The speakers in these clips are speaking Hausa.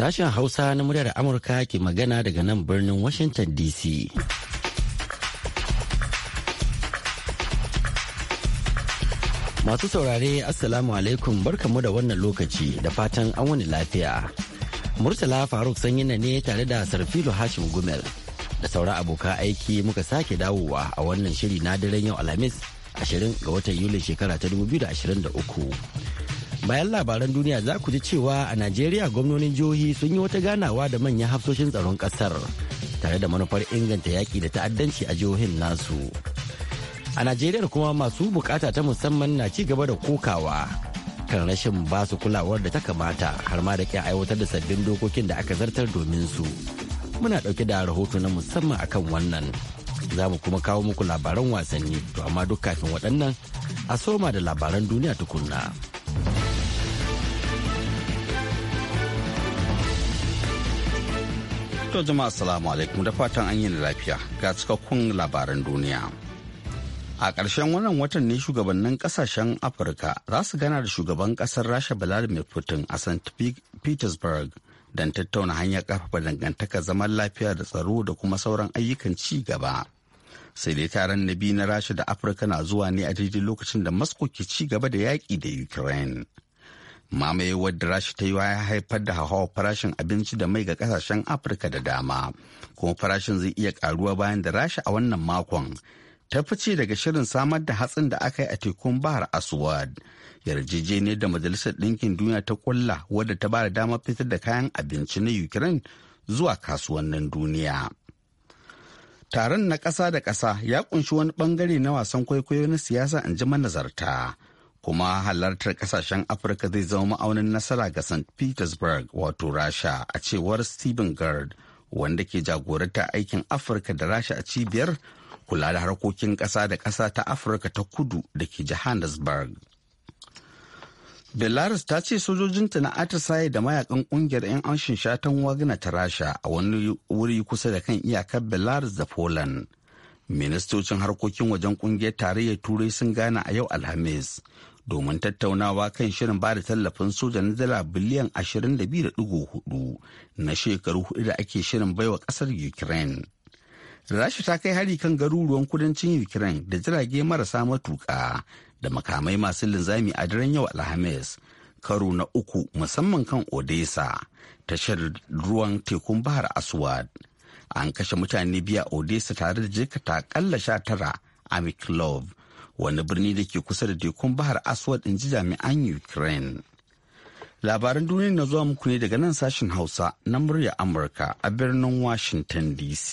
Sashen Hausa na muryar Amurka ke magana daga nan birnin Washington DC. Masu saurare Assalamu alaikum barkamu da wannan lokaci da fatan an wani lafiya. Murtala Faruk sanyina ne tare da Sarfilo Hashim Gumel da sauran abokan aiki muka sake dawowa a wannan shiri na daren yau Alhamis 20 ga watan yuli shekara ta 2023. bayan labaran duniya za ku ji cewa a najeriya gwamnonin jihohi sun yi wata ganawa da manyan hafsoshin tsaron kasar tare da manufar inganta yaki da ta'addanci a jihohin nasu a najeriya kuma masu bukata ta musamman na ci gaba da kokawa kan rashin basu kulawar da ta kamata har ma da ke aiwatar da sabbin dokokin da aka zartar domin su muna ɗauke da rahoto na musamman akan wannan za mu kuma kawo muku labaran wasanni to amma duk kafin waɗannan a soma da labaran duniya tukunna. To jama'a assalamu alaikum da fatan an yi lafiya ga cikakkun labaran duniya. A ƙarshen wannan watan ne shugabannin ƙasashen Afirka za su gana da shugaban ƙasar Rasha Vladimir Putin a St. Petersburg don tattauna hanyar ƙarfafa dangantaka zaman lafiya da tsaro da kuma sauran ayyukan ci gaba. Sai dai taron na biyu na Rasha da Afirka na zuwa ne a daidai lokacin da Moscow ke ci gaba da yaƙi da Ukraine. mamaye wadda rashi ta yi ya haifar da hawa farashin abinci da mai ga kasashen afirka da dama kuma farashin zai iya karuwa bayan da rashi a wannan makon ta fice daga shirin samar da hatsin da aka yi a tekun bahar aswad yarjejeniyar da majalisar ɗinkin duniya ta kulla wadda ta bada damar fitar da kayan abinci na ukraine zuwa kasuwannin duniya taron na ƙasa da ƙasa ya kunshi wani bangare na wasan kwaikwayo na siyasa in ji manazarta kuma halartar kasashen afirka zai zama ma'aunin nasara ga st petersburg wato rasha a cewar stephen gard wanda ke jagorantar aikin afirka da rasha a cibiyar kula da harkokin ƙasa da ƙasa ta afirka ta kudu da ke johannesburg belarus ta ce sojojinta na atisaye da mayakan kungiyar 'yan amshin shatan wagna ta rasha a wani wuri kusa da kan iyakar belarus da poland ministocin harkokin wajen kungiyar tarayyar turai sun gana a yau alhamis domin tattaunawa kan shirin ba da tallafin soja na dala biliyan 22.4 na shekaru hudu da ake shirin baiwa kasar ukraine rasha ta kai hari kan garuruwan kudancin ukraine da jirage marasa matuka da makamai masu linzami a daren yau alhamis karo na uku musamman kan odessa tashar ruwan tekun bahar aswad an kashe mutane biya odessa tare da jikata kalla sha tara a miklov wani birni da ke kusa da tekun bahar aswad in ji jami'an ukraine labaran duniya na zuwa muku ne daga nan sashen hausa na murya amurka a birnin washington dc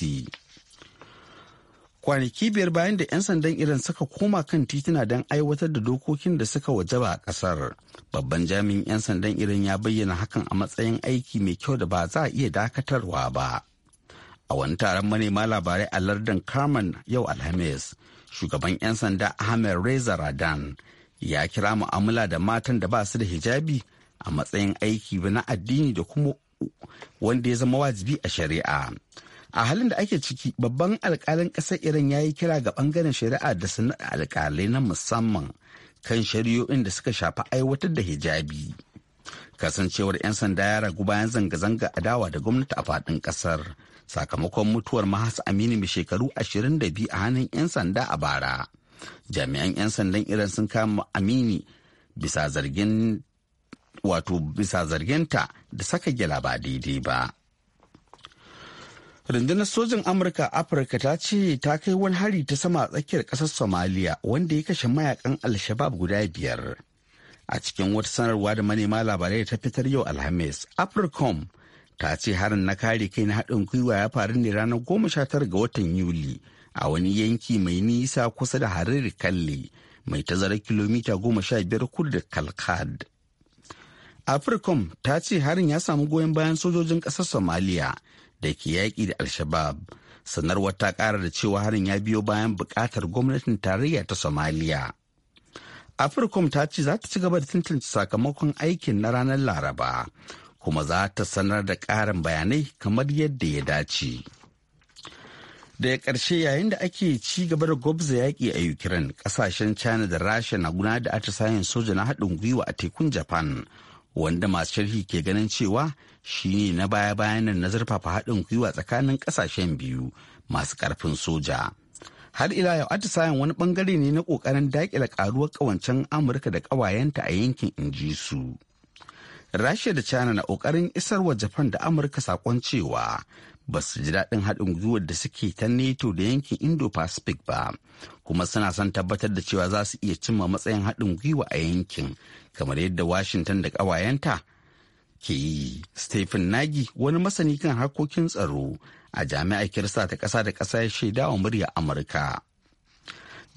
kwanaki biyar bayan da 'yan sandan iran suka koma kan tituna don aiwatar da dokokin da suka wajaba a kasar babban jami'in 'yan sandan iran ya bayyana hakan a matsayin aiki mai kyau da ba za a iya dakatarwa ba a wani taron manema labarai a lardin carmen yau alhamis shugaban 'yan sanda ahmed reza radan ya kira mu'amala da matan da ba su da hijabi a matsayin aiki na addini da kuma wanda ya zama wajibi a shari'a a halin da ake ciki babban alkalin ƙasar iran ya yi kira ga ɓangaren shari'a da su alkalai na musamman kan shari'o'in da suka shafi aiwatar da hijabi kasancewar 'yan sanda ya ragu bayan zanga-zanga adawa da gwamnati a faɗin ƙasar sakamakon mutuwar mahas aminu mai shekaru 22 a hannun 'yan sanda a bara jami'an 'yan sandan iran sun kama amini bisa zargin wato bisa zarginta da saka gyala ba daidai ba rundunar sojin amurka afirka ta ce ta kai wani hari ta sama a tsakiyar kasar somaliya wanda ya kashe mayakan alshabab guda biyar a cikin wata sanarwa da manema labarai ta fitar yau alhamis africom ta ce harin na kare kai na haɗin gwiwa ya faru ne ranar goma sha tara ga watan yuli a wani yanki mai nisa kusa da hariri kalle mai tazarar kilomita goma sha biyar kudu da kalkad africom ta ce harin ya samu goyon bayan sojojin ƙasar somaliya da ke yaƙi da alshabab sanarwar ta ƙara da cewa harin ya biyo bayan buƙatar gwamnatin tarayya ta somaliya africom ta ce za ta ci gaba da tantance sakamakon aikin na ranar laraba kuma za ta sanar da ƙarin bayanai kamar yadda ya dace. Daga ƙarshe yayin da ake ci gaba da gwabza yaƙi a Ukraine, ƙasashen China da Rasha na guna da atisayen soja na haɗin gwiwa a tekun Japan, wanda masu sharhi ke ganin cewa shi ne na baya-bayan na zurfafa haɗin gwiwa tsakanin ƙasashen biyu masu ƙarfin soja. har ila yau atisayen wani bangare ne na kokarin dakile ƙaruwar ƙawancen amurka da ƙawayenta a yankin inji su rasha da china na ƙoƙarin wa japan da amurka saƙon cewa ba su ji daɗin haɗin gwiwar da suke ta neto da yankin indo-pacific ba kuma suna son tabbatar da cewa za su iya cimma matsayin haɗin gwiwa a yankin kamar yadda washington da ƙawayenta ke yi stephen Nagy wani masani kan harkokin tsaro a jami'ar kirista ta ƙasa da ƙasa ya shaida wa murya amurka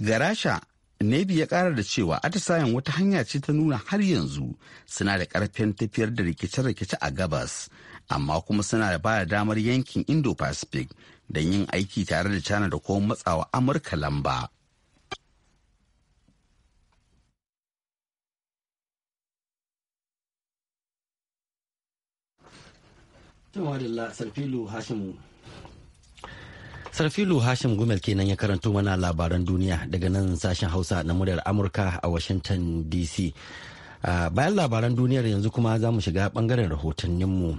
ga rasha Nebi ya ƙara da cewa atisayen wata hanya ce ta nuna har yanzu suna da ƙarfin tafiyar da rikice-rikice a gabas, amma kuma suna da ba da damar yankin Indo-Pacific don yin aiki tare da China da kuma matsawa Amurka lamba. Jama'a da Sarfilu Hashimu sarfilu hashim gumel kenan ya karanto mana labaran duniya daga nan sashen hausa na muryar amurka a washington dc bayan labaran duniyar yanzu kuma za mu shiga bangaren rahotanninmu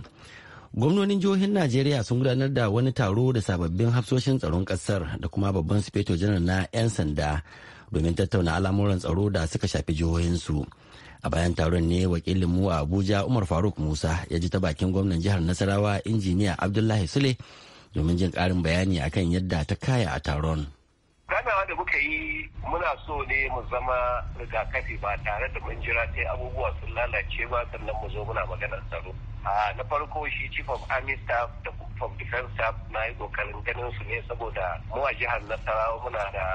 gwamnonin jihohin najeriya sun gudanar da wani taro da sababbin hafsoshin tsaron kasar da kuma babban sufeto janar na 'yan sanda domin tattauna al'amuran tsaro da suka shafi jihohinsu a bayan taron ne wakilinmu a abuja umar faruk musa ya ji ta bakin gwamnan jihar nasarawa injiniya abdullahi sule domin jin ƙarin bayani akan yadda ta kaya a taron. ganawa da muka yi muna so ne mu zama rigakafi ba tare da mun jira sai abubuwa sun lalace ba sannan mu zo muna maganar tsaro na farko shi chief of army staff da from defense staff na yi kokarin ganin su ne saboda mu a jihar nasarawa muna da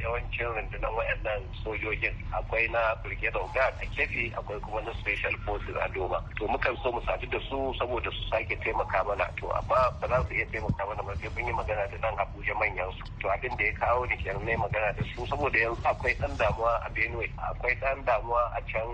yawancin rundunar wayannan sojojin akwai na brigade of guard a kefi akwai kuma na special forces a doma to mukan so mu sadu da su saboda su sake taimaka mana to amma ba za su iya taimaka mana ba sai mun yi magana da nan abuja manyan su to abin da ya kawo ni kenan ne magana da su saboda yanzu akwai dan damuwa a benue akwai dan damuwa a can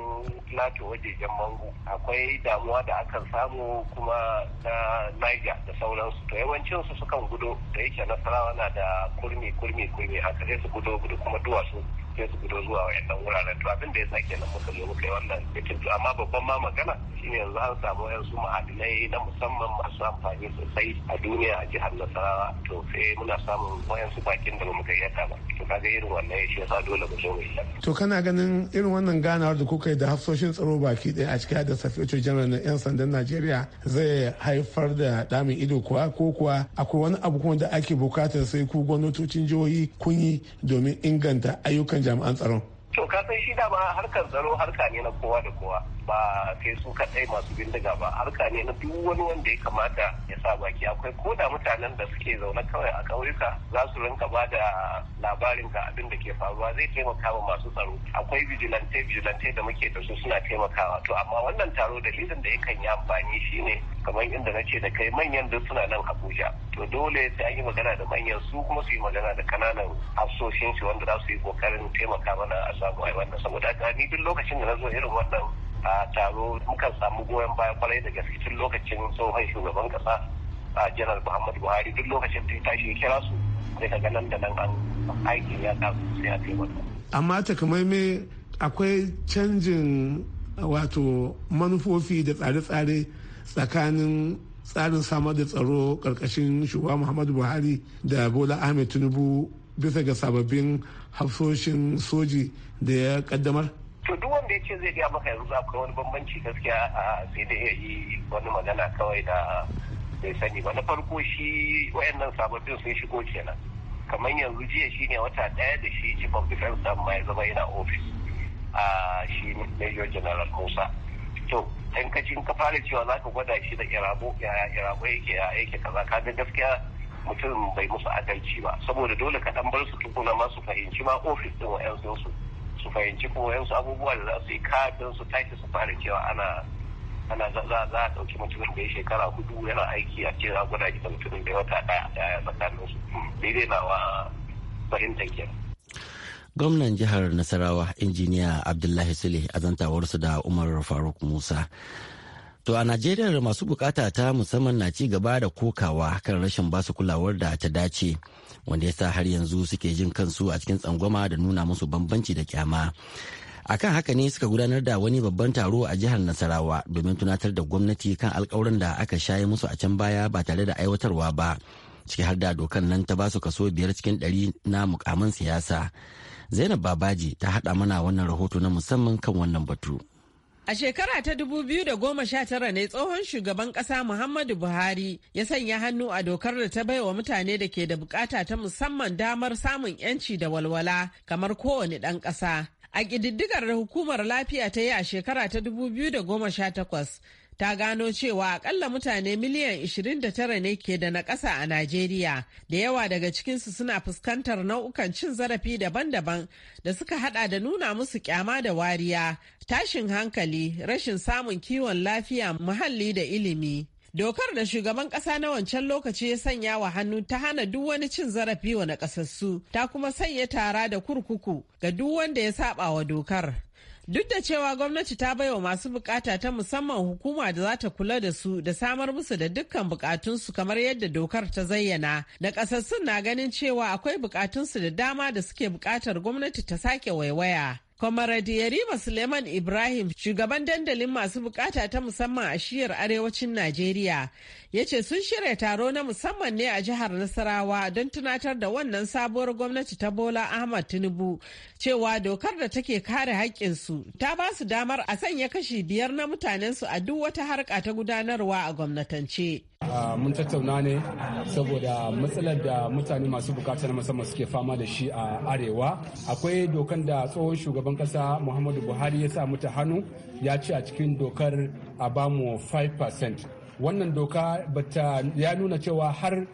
plateau wajejen mango akwai damuwa da aka kan samu kuma na niger da sauransu to yawancin su sukan gudo da yake nasarawa na da kurmi kurmi kurmi haka sai su gudo gudu kuma duwatsu sai su gudu zuwa wayannan wuraren to abin da ya sa kenan muka zo muka yi wannan bikin amma babban ma magana shine yanzu an samu su ma'adinai na musamman masu amfani sosai a duniya a jihar Nasarawa to sai muna samun wayansu bakin da bamu gayyata ba to kaga irin wannan shi yasa dole mu zo mu yi to kana ganin irin wannan ganawar da kuka yi da hafsoshin tsaro baki ɗaya a cikin da safiyo janar na yan sandan Najeriya zai haifar da damin ido kuwa ko kuwa akwai wani abu kuma da ake bukatar sai ku gwamnatocin jihohi kun yi domin inganta ayyukan jami'an tsaron to ka san shi dama harkar tsaro harka ne na kowa da kowa ba kai su kaɗai masu bindiga ba harka ne na duk wani wanda ya kamata ya sa baki akwai ko da mutanen da suke zaune kawai a ƙauyuka za su rinka ba da labarin ga abin da ke faruwa zai taimaka wa masu tsaro akwai vigilante vigilante da muke da su suna taimakawa to amma wannan taro dalilin da yakan yi amfani shine kamar inda na ce da kai manyan duk suna nan Abuja to dole sai an yi magana da manyan su kuma su yi magana da kananan hafsoshin su wanda za su yi kokarin taimaka mana a samu ai wannan saboda haka ni duk lokacin da na zo irin wannan a taro mukan samu goyon baya kwarai da gaske tun lokacin tsohon shugaban kasa a jiran muhammadu buhari duk lokacin da ta shi kira su sai ka nan da nan an aiki ya kasu sai a kai amma me akwai canjin wato manufofi da tsare-tsare tsakanin tsarin samar da tsaro karkashin shugaba muhammadu buhari da bola ahmed tinubu bisa ga sababbin hafsoshin soji da ya kaddamar? to duk wanda ya ce zai gaya maka yanzu akwai wani bambanci gaskiya sai da ya yi wani magana kawai da bai sani ba na farko shi wayannan sababbin sun shigo kenan kamar yanzu jiya shi ne wata daya da shi chief of defense ma ya zama yana ofis a shi major general musa to ɗan ka ka fara cewa za ka gwada shi da irabo yaya irabo yake ya yake kaza ka ga gaskiya mutum bai musu adalci ba saboda dole ka dan bar su tukuna ma su fahimci ma ofis din wayansu su fahimci kuma yansu abubuwa da za su yi kafin su tashi su fara cewa ana ana za za a ɗauki mutumin da ya shekara hudu yana aiki a cewa za gidan mutumin da ya wata a daya tsakanin su daidai hmm, na wa fahimtar gwamnan jihar nasarawa injiniya abdullahi sule a zantawarsu da umar faruk musa To a Najeriya masu bukata ta musamman na ci gaba da kokawa kan rashin basu kulawar da ta dace wanda ya sa har yanzu suke jin kansu a cikin tsangwama da nuna musu bambanci da kyama. Akan haka ne suka gudanar da wani babban taro a jihar Nasarawa domin tunatar da gwamnati kan alkawuran da aka shaye musu a can baya ba tare da aiwatarwa ba. Ciki har da dokan nan ta basu kaso biyar cikin ɗari na mukamin siyasa. Zainab Babaji ta haɗa mana wannan rahoto na musamman kan wannan batu. A shekara ta 2019 ne tsohon shugaban ƙasa Muhammadu Buhari ya sanya hannu a dokar da ta baiwa mutane da ke da bukata ta musamman damar samun 'yanci da walwala kamar kowane ɗan ƙasa. A ƙididdigar da hukumar lafiya ta yi a shekara ta 2018 ta gano cewa akalla mutane miliyan 29 ne ke da na ƙasa a Najeriya, da yawa daga cikinsu suna fuskantar nau'ukan cin zarafi daban-daban da suka hada da nuna musu kyama da wariya, tashin hankali, rashin samun kiwon lafiya, muhalli da ilimi. Dokar da shugaban ƙasa na wancan lokaci ya sanya wa hannu ta hana duk wani cin zarafi wa nakasassu ta kuma sanya tara da kurkuku ga duk wanda ya saba wa dokar. Duk da cewa gwamnati ta bai wa masu bukata ta musamman hukuma da za ta kula da su da samar musu da dukkan bukatunsu kamar yadda dokar ta zayyana, na kasassun na ganin cewa akwai bukatunsu da dama da suke bukatar gwamnati ta sake waiwaya. Kwamaradi Yariba Suleiman Ibrahim, shugaban dandalin masu bukata ta musamman a shiyar arewacin Najeriya, ya ce sun shirya taro na musamman ne a jihar Nasarawa don tunatar da wannan sabuwar gwamnati ta Bola Ahmad Tinubu cewa dokar da take kare haƙƙinsu ta ba su damar a sanya kashi biyar na mutanensu a duk wata harka ta gudanarwa a gwamnatance. Ah, mun tattauna ne saboda matsalar da mutane masu bukata na musamman suke fama da shi a arewa akwai dokan da tsohon shugaban shugaban kasa muhammadu buhari ya sa mata hannu ya ce a cikin dokar a bamu 5% wannan doka bata ya nuna cewa har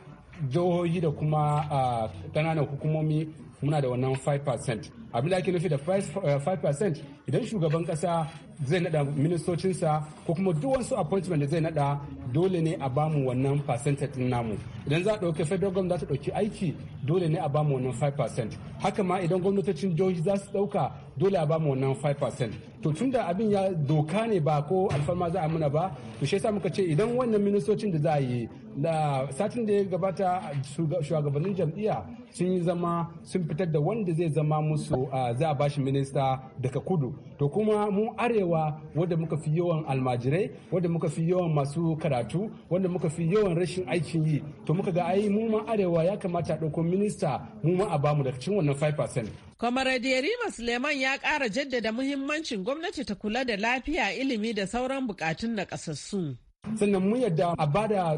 jihohi da kuma kananan hukumomi muna da wannan 5% abin da ake nufi da 5% eh, idan shugaban kasa zai nada ministocinsa ko kuma duk wasu appointment da zai nada dole ne a bamu wannan percentage din namu idan za a dauke federal government za ta dauki aiki dole ne a bamu wannan 5% haka ma idan gwamnatocin jihohi za su dauka dole a bamu wannan 5% to tunda abin ya doka ne ba ko alfarma za a muna ba to shi yasa muka ce idan wannan ministocin da za a yi da satin da ya gabata shugabannin jam'iyya sun yi zama sun fitar da wanda zai zama musu za a bashi minista daga kudu to kuma mu arewa wanda muka fi yawan almajirai wanda muka fi yawan masu karatu wanda muka fi yawan rashin aikin yi to muka ga ai mu ma arewa ya kamata ɗauko minista mu ma a bamu daga cikin wannan 5% Kwamaradi Yarima Suleiman ya ƙara jaddada muhimmancin gwamnati ta kula da lafiya ilimi da sauran bukatun na ƙasassu. sannan mun yadda a ba da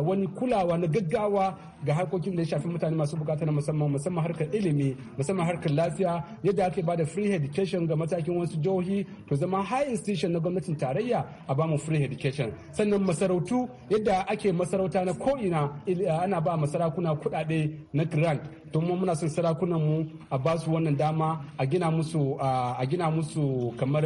wani kulawa na gaggawa ga harkokin da ya shafi mutane masu bukata na musamman musamman harkar ilimi musamman harkar lafiya yadda ake ba da free education ga matakin wasu jihohi to zama high institution na gwamnatin tarayya a bamu free education sannan masarautu yadda ake masarauta na ko'ina ana ba masarakuna kuɗaɗe na grant don mu muna son sarakunan mu a ba su wannan dama a gina musu a gina musu kamar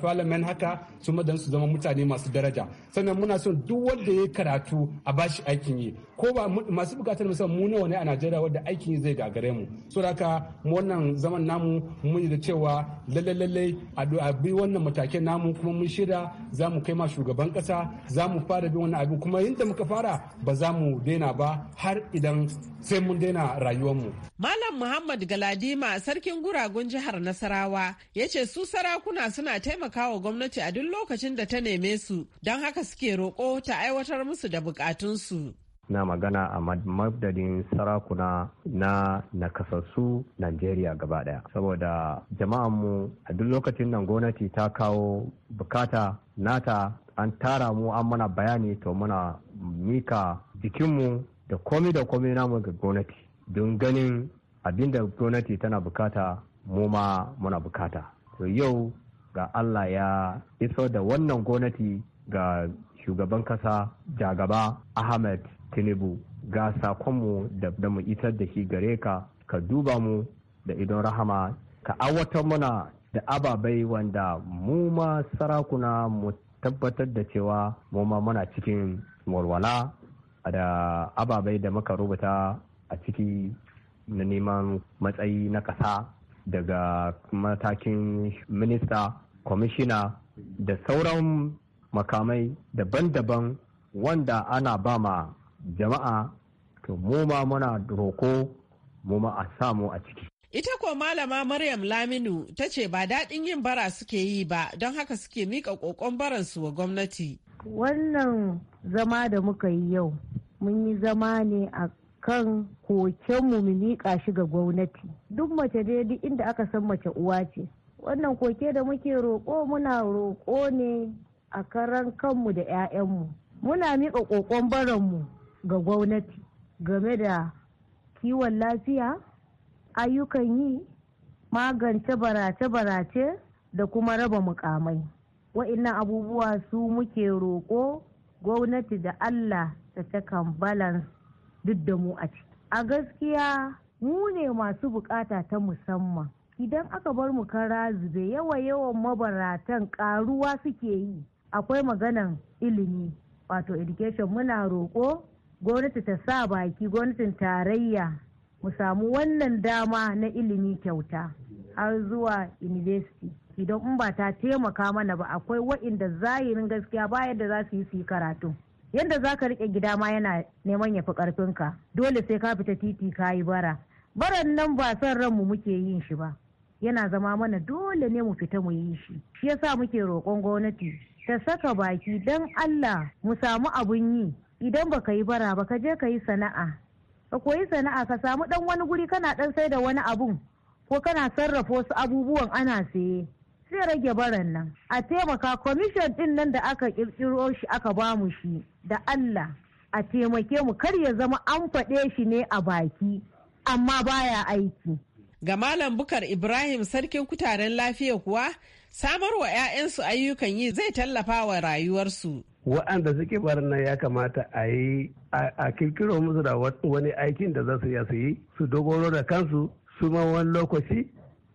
parliament haka su madan su zama mutane masu daraja sannan muna son duk wanda ya karatu a bashi aikin yi ko ba masu bukatar musamman mu nawa ne a Najeriya wanda aikin yi zai gagare mu so haka mu wannan zaman namu mun da cewa lalle lalle a bi wannan matakin namu kuma mun shirya za mu kai ma shugaban kasa za mu fara bin wannan abin kuma yadda muka fara ba za mu daina ba har idan sai mun daina rayuwar mu. Malam Muhammad Galadima sarkin guragun jihar Nasarawa ya ce su sarakuna suna taimakawa gwamnati a duk lokacin da ta neme su don haka suke roƙo ta aiwatar musu da bukatunsu. na magana a madadin sarakuna na nakasassu Najeriya gaba daya saboda jama'anmu a duk lokacin nan gwamnati ta kawo bukata nata an tara mu an mana bayani to muna mika jikinmu da komi da komi namu ga gwamnati don ganin abinda gwamnati tana bukata mu ma muna bukata to yau ga allah ya iso da wannan gwamnati ga shugaban kasa jagaba ahmed tinubu ga sakonmu da mu isar da shi gare ka ka duba mu da idon rahama ka awatar muna da ababai wanda mu ma sarakuna mu tabbatar da cewa mu ma muna cikin walwala da ababai da muka rubuta a ciki na neman matsayi na ƙasa daga matakin minista kwamishina da sauran makamai daban-daban wanda ana ba ma jama'a to mu ma muna roko mu ma a samu a ciki Ita ko malama Maryam Laminu ta ce ba daɗin yin bara suke yi ba don haka suke mika ƙoƙon baransu wa gwamnati. Wannan zama da muka yi yau, mun yi zama ne a kan kokenmu mu miƙa shi ga gwamnati duk mace dai duk inda aka san mace uwa ce wannan koke da muke roƙo muna roƙo ne a karan kanmu da 'ya'yanmu muna miƙa ƙoƙon baranmu ga gwamnati game da kiwon lafiya ayyukan yi magance barace-barace da kuma raba mukamai wa'innan abubuwa su muke roƙo gwamnati da allah ta takan balance duk da mu a ciki a gaskiya mu ne masu bukata ta musamman idan aka bar mu kara zube yawa yawan mabaratan karuwa suke yi akwai maganan ilimi wato education muna roƙo gwamnati ta sa baki gwamnatin tarayya mu samu wannan dama na ilimi kyauta har zuwa university idan in ba ta taimaka mana ba akwai wa'inda zahirin gaskiya bayan da za su yi su yi karatu yadda za ka riƙe gida ma yana neman ya fi ƙarfinka dole sai ka fita titi ka yi bara baran nan ba son mu muke yin shi ba yana zama mana dole ne mu fita mu yi shi shi yasa muke roƙon gwamnati ta saka baki don Allah mu samu abun yi idan baka yi bara ba ka je ka yi sana'a ka koyi sana'a ka samu dan wani guri kana dan sai da wani abun ko kana sarrafa wasu abubuwan ana saye zai rage baran nan a taimaka kwamishin din nan da aka kirkiro shi aka bamu shi da Allah a taimake mu kar ya zama an faɗe shi ne a baki amma baya aiki ga malam bukar ibrahim sarkin kutaren lafiya kuwa samar wa 'ya'yansu ayyukan yi zai tallafa wa rayuwarsu wa'anda suke barna ya kamata a yi a kirkiro musu da wani aikin da za su yi su dogoro da kansu su ma wani lokaci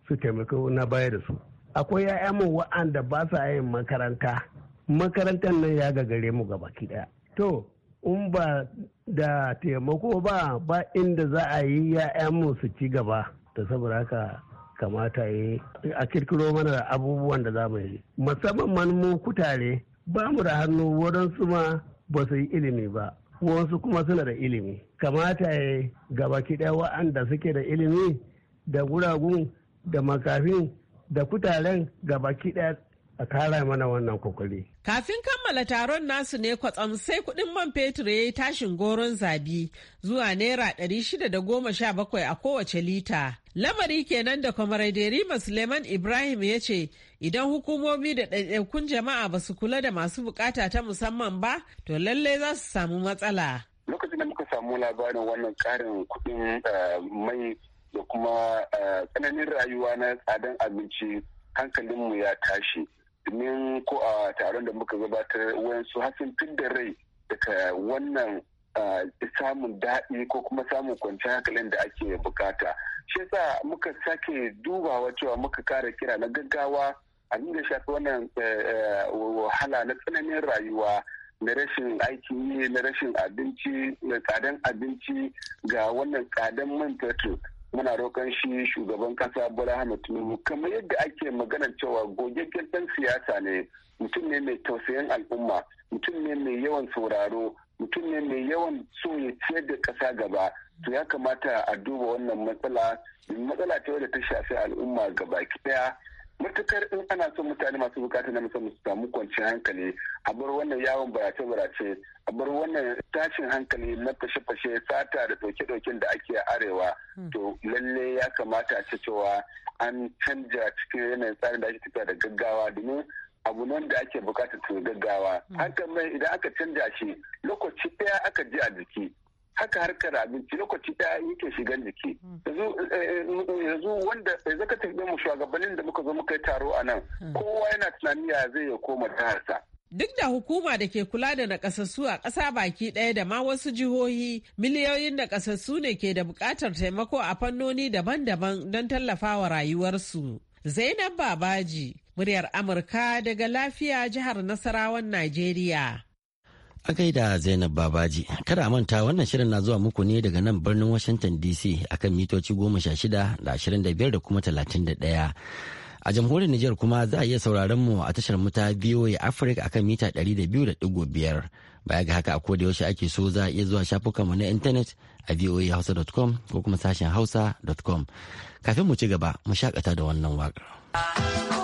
su taimako na baya da su akwai ya'ya mu wa'anda ba sa yin makaranta makarantar nan ya gagare mu gaba daya to in ba da taimako ba ba inda za a yi ya'ya mu su ci gaba da saboda haka kamata yi a kirkiro mana da abubuwan da za mu yi musamman mu kutare ba mu da hannu waɗansu ma ba su yi ilimi ba wasu kuma suna da ilimi kamata ya gaba kiɗa wa'anda suke da ilimi da guragun da makafin da kutaren baki ɗaya a kara mana wannan kokari. Kafin kammala taron nasu ne kwatsam sai kudin man fetur ya yi tashin goron zabi zuwa naira ɗari shida da goma sha bakwai a kowace lita. Lamari kenan da derima Suleiman Ibrahim ya ce idan hukumomi da ɗaiɗaikun jama'a ba su kula da masu bukata ta musamman ba to lallai za su samu matsala. Lokacin da muka samu labarin wannan ƙarin kuɗin eh, mai da kuma eh, tsananin rayuwa na tsadan abinci hankalinmu ya tashi domin ko a taron da muka gabatar wayansu hasin tun da rai daga wannan eh, samun daɗi ko kuma samun kwanciyar hankalin da ake bukata shi yasa muka sake dubawa cewa muka kara kira na gaggawa a da shafi wannan eh, wahala na tsananin rayuwa na rashin aikin yi na rashin abinci na tsadan abinci ga wannan tsadan man fetur muna roƙon shi shugaban kasa bola hana tinubu kamar yadda ake magana cewa gogaggen dan siyasa ne mutum ne mai tausayin al'umma mutum ne mai yawan sauraro mutum ne mai yawan so ya ciyar da ƙasa gaba to ya kamata a duba wannan matsala matsala ce wadda ta shafi al'umma gaba ɗaya matukar in ana son mutane masu bukata na musamman su samu kwanciyar hankali a bar wannan yawon barace-barace a bar wannan tashin hankali na fashe-fashe sata da doke ɗauken da ake arewa hmm. to lalle ya kamata ce cewa an canja cikin yanayin tsarin da ake tafiya da gaggawa domin abu hmm. nan da ake bukatar su gaggawa hankali idan aka canja shi lokaci ɗaya aka ji a jiki haka harkar abinci lokaci daya yake shigan jiki hmm. eh, yanzu wanda zaka tafiye mu shugabannin da muka zo muka yi taro a nan hmm. kowa yana tunani ya zai ya koma jiharsa Duk da hukuma da ke kula da nakasassu a ƙasa baki ɗaya da ma wasu jihohi, miliyoyin nakasassu ne ke da buƙatar taimako a fannoni daban-daban don tallafawa rayuwarsu. Zainab Babaji, muryar Amurka daga lafiya jihar Nasarawan Najeriya. A da Zainab Babaji, kada a manta wannan shirin na zuwa muku ne daga nan birnin Washington DC akan mitoci goma sha shida da ashirin da biyar da kuma talatin da ɗaya. A jamhuriyar Nijar kuma za a iya sauraron mu a tashar muta ta VOA Africa akan mita ɗari da biyu da ɗigo biyar. Baya ga haka a koda yaushe ake so za a iya zuwa shafukan mu na intanet a voahausa.com ko kuma sashen hausa.com. Kafin mu ci gaba, mu shakata da wannan waƙar.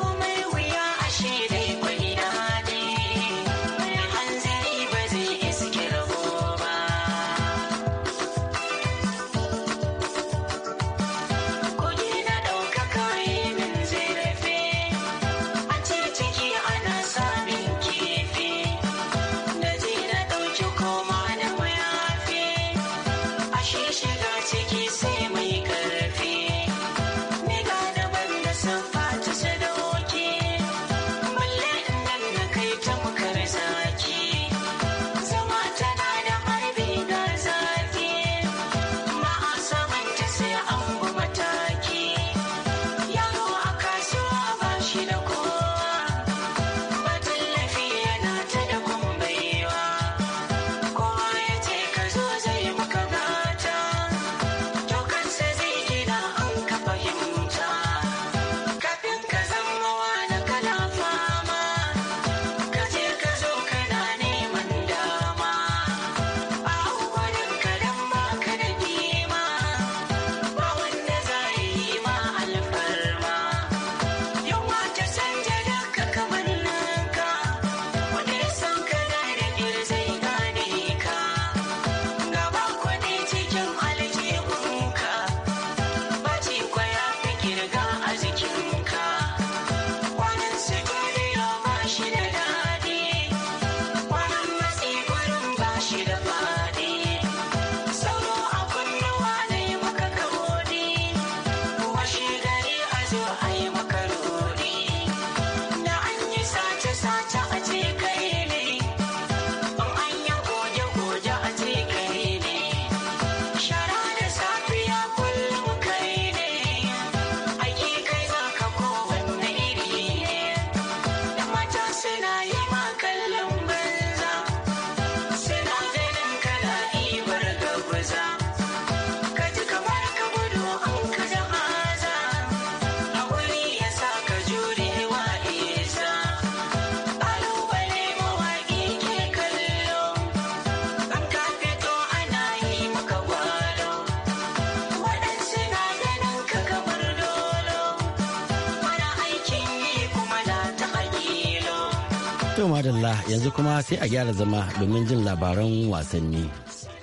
To madalla yanzu kuma sai a gyara zama domin jin labaran wasanni.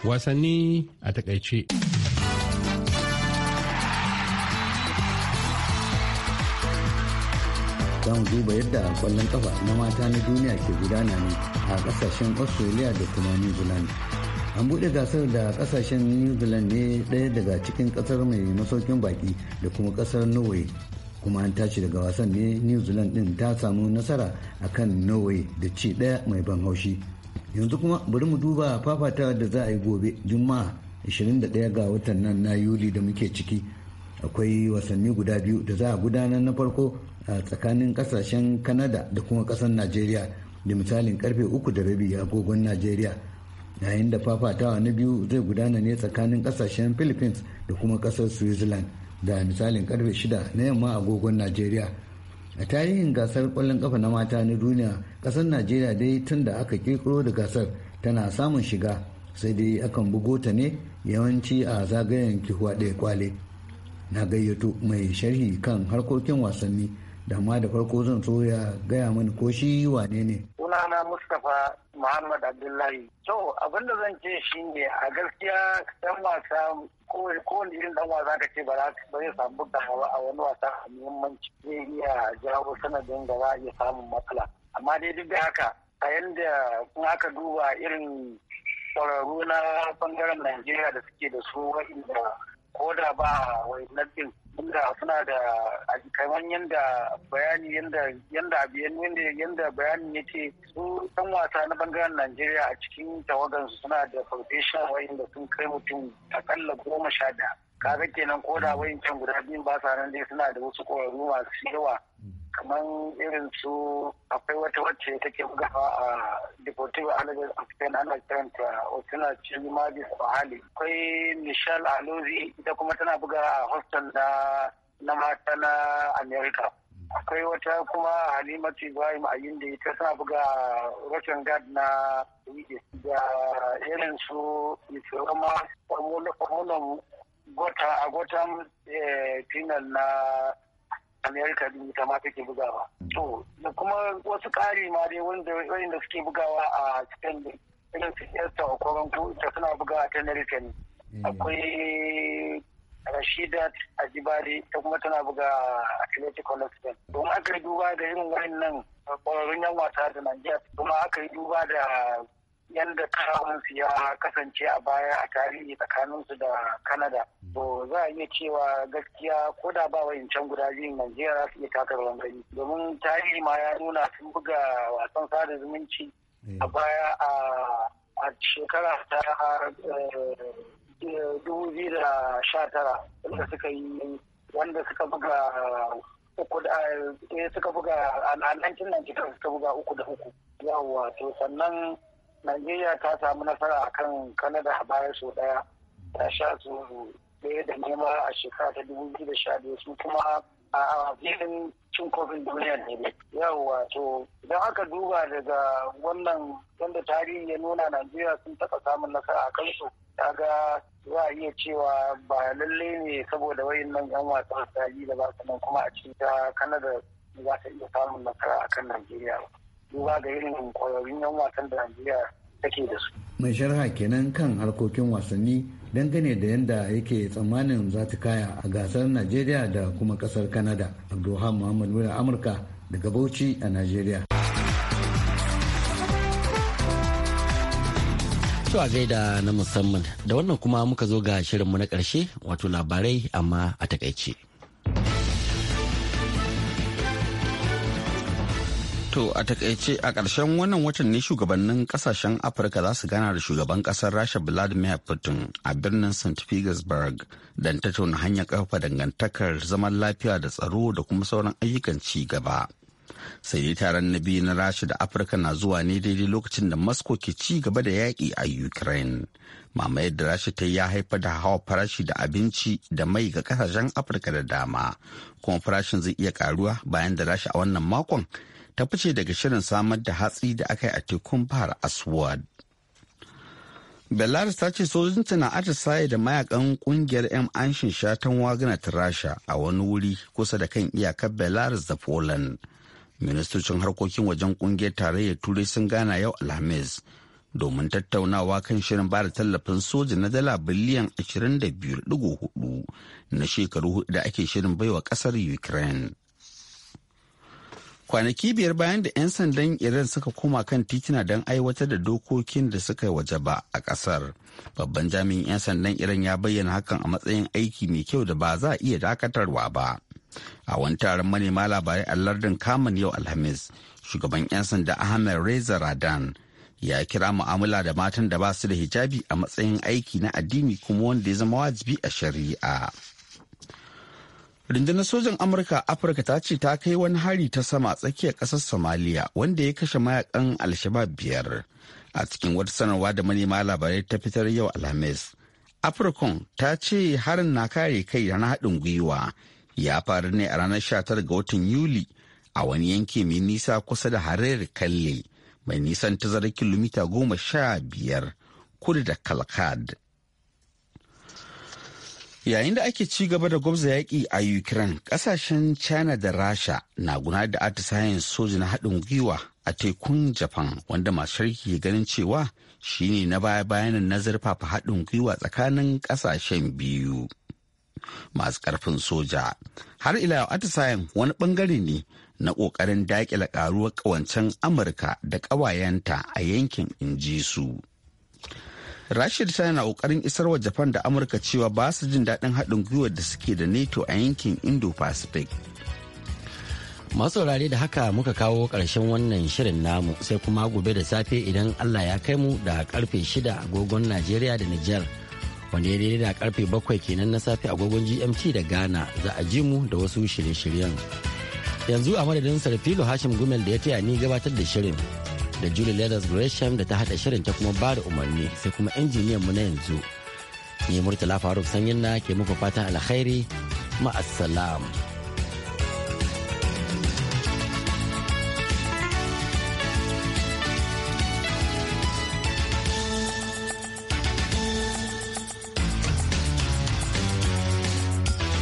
Wasanni a takaice. za duba yadda kwallon kafa na mata na duniya ke gudana ne a kasashen australia da kuma new zealand an buɗe gasar da kasashen new zealand ne ɗaya daga cikin ƙasar mai masaukin baki da kuma ƙasar norway kuma an tashi daga wasan ne new zealand din ta samu nasara akan norway da ci daya mai ban haushi yanzu kuma bari mu duba fafatawa da za a yi gobe juma'a 21 ga watan nan na yuli da muke ciki akwai wasanni guda biyu da za a gudanar na farko a tsakanin kasashen kanada da kuma kasar najeriya da misalin karfe uku da rabi agogon najeriya yayin da fafatawa na biyu zai gudana ne tsakanin kasashen philippines da kuma kasar switzerland da misalin karfe shida, na yamma agogon najeriya a tarihin gasar kwallon kafa na mata na duniya kasar najeriya dai tun da aka kirkiro da gasar tana samun shiga sai dai akan bugo ta ne yawanci a zagayen kihuwa ɗaya kwale na gayyato mai sharhi kan harkokin wasanni da ma da farko zan soya gaya mani ko shi wane ne sunana mustapha muhammad abdullahi to abin da zan ce ne a gaskiya ɗan wasa kowane irin dan wasa ka ce ba zai samu hawa a wani wasa a muhimmanci zai iya jawo sanadin da za a iya samun matsala amma dai duk da haka a yanda in aka duba irin kwararru na bangaren najeriya da suke da su wa'inda ko da ba wa'innan din inda suna da kamar yadda bayani yadda yadda bayanin yake su ɗan wasa na bangaren Najeriya a cikin tawagan su suna da foundation wayanda sun kai mutum akalla goma sha da kaga kenan ko da can guda biyu ba sa nan dai suna da wasu ƙwararru masu yawa kamar irin su akwai wata wacce take bugawa a Deportivo Alaves of Spain ana kiranta Osuna Chimadi Sahali akwai Michelle Alozi ita kuma tana buga a hostel na na mata na America akwai wata kuma halimatu ibrahim a yinda ita tana buga russian guard na wige da irin su isoroma kwamunan gota a gotan eh, final na amerika din ita ma take bugawa to da kuma wasu ƙari ma dai wanda suke bugawa a cikin irin su esta a koronto ita suna bugawa ta amerika ne mm. akwai rashidat ajibari ta kuma tana buga atletico na spain aka yi duba da irin nan ƙwararrun yan wasa da najeriya kuma aka yi duba da yadda karawansu ya kasance a baya a tarihi tsakaninsu da Kanada. Hmm. To za a iya cewa gaskiya ko da ba wayancan guda biyun Najeriya su iya taka rawan gani. Domin tarihi ma ya nuna sun buga wasan sada zumunci hmm. a baya a shekara ta eh, dubu biyu da sha tara wanda suka yi wanda suka buga uku da eh, suka buga a 1990 suka buga uku da uku yawwa to sannan Najeriya ta samu nasara akan Kanada a baya sau ɗaya ta sha su ɗaya da nema a shekara ta dubu biyu da sha biyu su kuma a filin cin kofin duniya ne yawwa to idan aka duba daga wannan wanda tarihi ya nuna najeriya sun taɓa samun nasara a kansu ga za a iya cewa ba lalle ne saboda wayan nan yan a tarihi da ba su nan kuma a cikin ta kanada za ta iya samun nasara akan najeriya ba duba da irin kwararrun yan wasan da Najeriya take da su. Mai sharha kenan kan harkokin wasanni dangane da yadda yake tsammanin za ta kaya a gasar Najeriya da kuma kasar Kanada Abdulham Muhammad Mura Amurka daga Bauchi a Najeriya. Cewa gaida na musamman da wannan kuma muka zo ga shirinmu na ƙarshe wato labarai amma a takaice. To a takaice a ƙarshen wannan watan ne shugabannin kasashen Afirka za su gana da shugaban ƙasar Rasha Vladimir Putin a birnin St. Petersburg don tattauna hanyar kafa dangantakar zaman lafiya da tsaro da kuma sauran ayyukan ci gaba. Sai dai taron na biyu na Rasha da Afirka na zuwa ne daidai lokacin da Moscow ke ci gaba da yaƙi a Ukraine. mama yadda Rasha ta ya haifar da hawa farashi da abinci da mai ga kasashen Afirka da dama. Kuma farashin zai iya karuwa bayan da Rasha a wannan makon ta fice daga shirin samar da hatsi da aka yi a tekun bahar aswad belarus ta ce sojojinta na atisaye da mayakan kungiyar 'yan anshin shatan wagana ta rasha a wani wuri kusa da kan iyakar belarus da poland ministocin harkokin wajen kungiyar tarayyar turai sun gana yau alhamis domin tattaunawa kan shirin bada tallafin soja na dala biliyan 22.4 na shekaru hudu da ake shirin baiwa kasar ukraine kwanaki biyar bayan da 'yan sandan iran suka koma kan titina don aiwatar da dokokin da suka yi waje ba a kasar babban jami'in 'yan sandan iran ya bayyana hakan a matsayin aiki mai kyau da ba za a iya dakatarwa ba a wani taron manema labarai a lardin kamun yau alhamis shugaban 'yan sanda ahmed reza radan ya kira mu'amala da matan da ba su da hijabi a matsayin aiki na addini kuma wanda ya zama wajibi a shari'a. rundunar sojan amurka afirka ta ce ta kai wani hari ta sama tsakiyar ƙasar somaliya wanda ya kashe mayakan alshabab biyar a cikin wata sanarwa da manema labarai ta fitar yau alhamis afirkon ta ce harin na kare kai na haɗin gwiwa ya faru ne a ranar 19 ga watan yuli a wani yanki mai nisa kusa da harar kalle mai nisan tazarar kilomita goma sha biyar kudu da kalkad yayin da ake ci gaba da gwamza yaƙi a ukraine ƙasashen china da rasha na gudanar da atisayen soji na haɗin gwiwa a tekun japan wanda masu sharki ke ganin cewa shine na baya bayanan na haɗin gwiwa tsakanin ƙasashen biyu masu ƙarfin soja har ila yau atisayen wani ɓangare ne na ƙoƙarin daƙila ƙaruwar ƙawancen amurka da ƙawayenta a yankin inji su Rashid tana kokarin isar wa Japan da Amurka cewa ba su jin daɗin haɗin gwiwar da suke da NATO a yankin Indo-Pacific. Masu saurare da haka muka kawo ƙarshen wannan shirin namu sai kuma gobe da safe idan Allah ya kai mu da karfe shida agogon Najeriya da Nijar wanda ya daidai da karfe bakwai kenan na safe agogon GMT da Ghana za a ji mu da wasu shirye-shiryen. Yanzu a madadin Sarfilo Hashim Gumel da ya taya ni gabatar da shirin. da Julie Leathers Gresham da ta hada shirin ta kuma ba da umarni sai kuma injiniyan mu na yanzu. Ni Murtala Faruk Sanyin na ke muku fatan alkhairi ma'assalam.